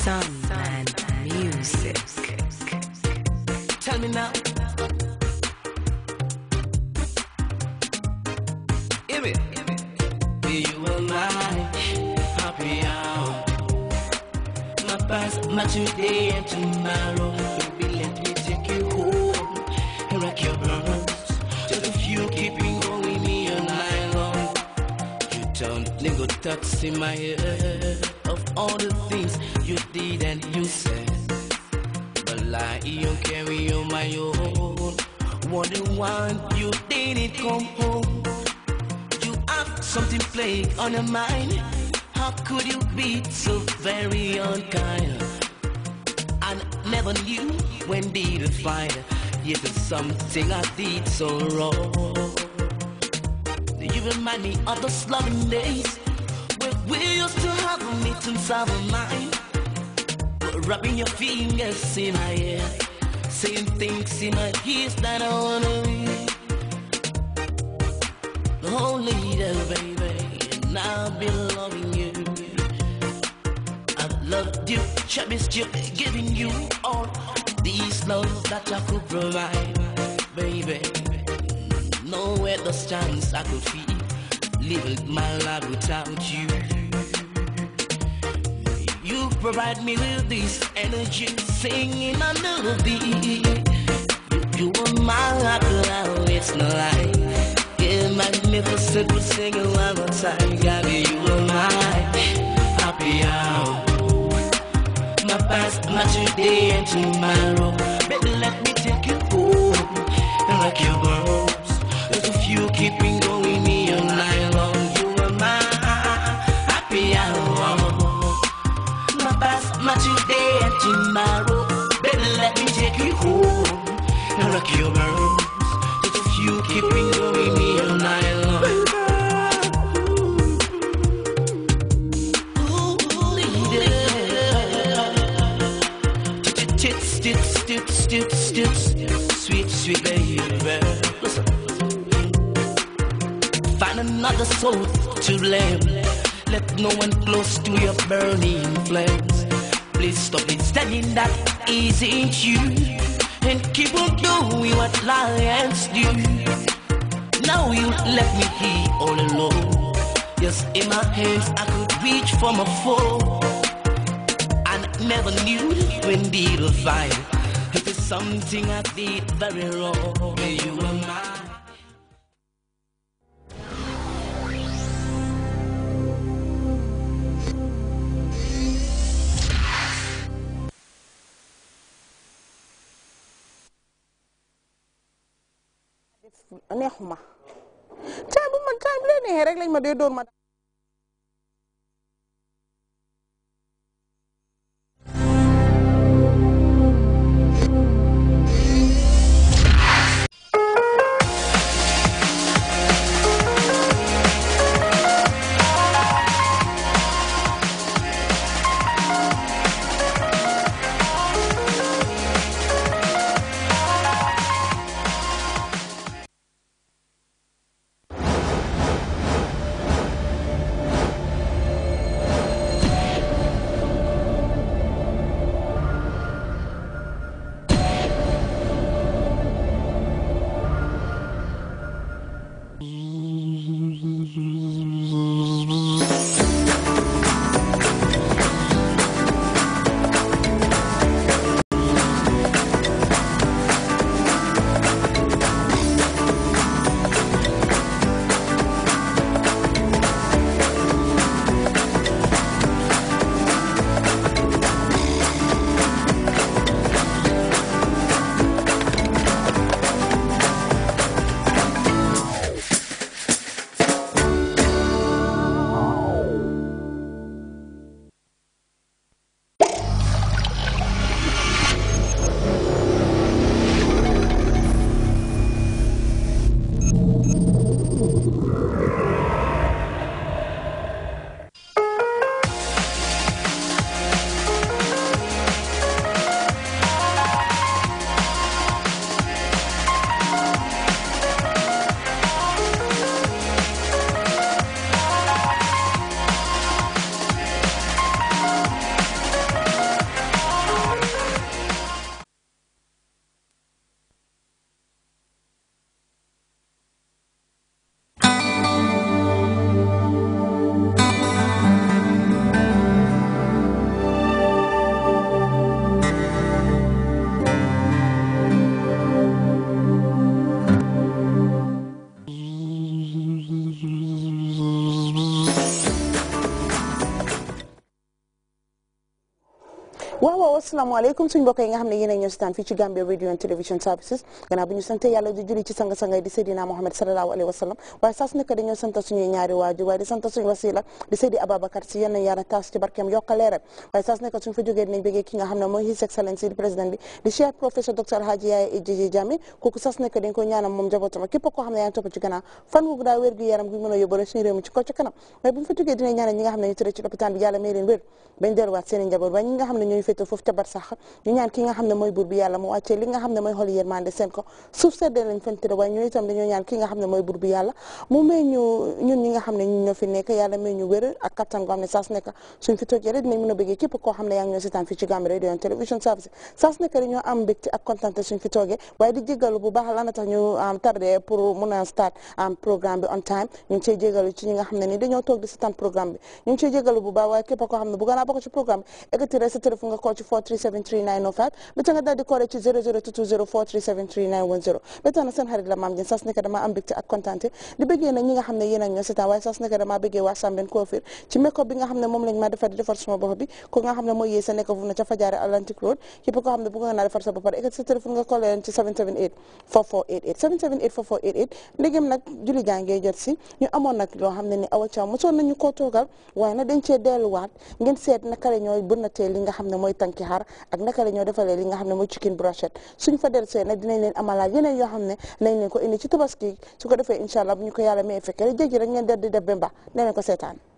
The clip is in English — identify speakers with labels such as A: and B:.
A: Sunman Music. Tell me now. you and I My past, my today and tomorrow. Don't nigga talks in my head Of all the things you did and you said But like you carry on my own Wonder want you didn't come home You have something playing on your mind How could you be so very unkind? I never knew when did it find Yet there's something I did so wrong remind me of those loving days When we used to have meetings of our mind Rubbing your fingers in my hair Saying things in my ears that I wanna hear Only there, baby And I'll be loving you I've loved you, cherished you Giving you all these love that I could provide Baby nowhere those chance I could feel live my life without you. You provide me with this energy, singing my melody. You are my love, it's no lie. it magnificent, but singing one more time. got you are my happy hour. My past, my today, and tomorrow. Baby, let me take you home like you're. You your Just keep me going me all night Sweet, sweet baby Listen Find another soul to blame Let no one close to your burning Please stop that isn't you and keep on doing what lions do. Now you left me here all alone. Just in my hands I could reach for my phone. And I never knew when did I find it is something I did very wrong. You were mine.
B: neexuma time bu ma time bu leen neexee rek ma dee door Mm-hmm. asalaamaaleykum suñu mbokk yi nga xam ne yéen a ñu seetaan fii ci Gambia radio and television services gannaaw bi ñu sante yàlla di julli ci sanga sanga di Seydina Mohamed sallallahu alayhi wa sallam waaye saa su nekk dañoo sant suñuy ñaari waajur waaye di sant suñu wasila di Seydi Ababacar si yéen yàlla taas ci barkeem yokk leeral waaye saa su nekk suñu fa jógee dinañ bëggee ki nga xam ne mooy his excellence di président bi di Cheikh professeur docteur Hadji Yaya AJJ Jammeh kooku saa su nekk dañ ko ñaanal moom njabootam képp koo xam ne yaa ngi topp ci gannaaw fan wu daa wér gu yaram gi mën a yóbbale suñu réew mi ci ko ci kanam waaye bu ñu fa jógee dinañ ñaanal ñi nga xam ne ñu tëdd ci lopitaan bi yàlla may leen wér bañ delluwaat seen njaboot waaye ñi nga xam ne ñooy féete foofu ca barsax ñoo ñaan ki nga xam ne mooy buur bi mu may ñu ñun nga xam ne ñun ñoo fi nekk yàlla may ñu wér ak kattan goo xam ne saa su nekk suñ fi toogee rek dinañ mën ne yaa ñoo seetaan fii ci Gambia radio and télévision service saa su ñoo am mbégte ak kontante suñ fi toogee di jégalu bu baax la na tax ñu tardé pour mun start programme bi on time ñu ngi ciy ci ñi nga xam ne ni dañoo toog di seetaan programme bi ñu ngi ciy bu baax waaye 0373905 nga daal di koore ci 0022043739110 na seen xarit la jin sas nekk dama am ak kontaante di bëggee nag ñi nga xam ne yéen ak sas nekk ma defar di defar suma bopp bi ko nga xam ne mooy yéey sa nekk foofu na ca Atlantic Road képp koo xam ne nga naa defar sa bopp pare ekat sa téléphone nga collé leen ci 778 4488 778 si ñu amoon nag loo xam ni awa caw mosoon nañu koo toogal waaye nag dañ cee delluwaat ngeen seet naka la ñooy bënatee li nga xam ne mooy Sahar ak naka la ñoo defalee li nga xamné mo chicken brochette suñ fa del nak dinañ leen amalaat yeneen yo xamné nañ leen ko indi ci tabaski su ko defee inshallah allah bu ñu ko yalla may fekké rek jéggi rek ngeen del di def ba mbaa ko sétane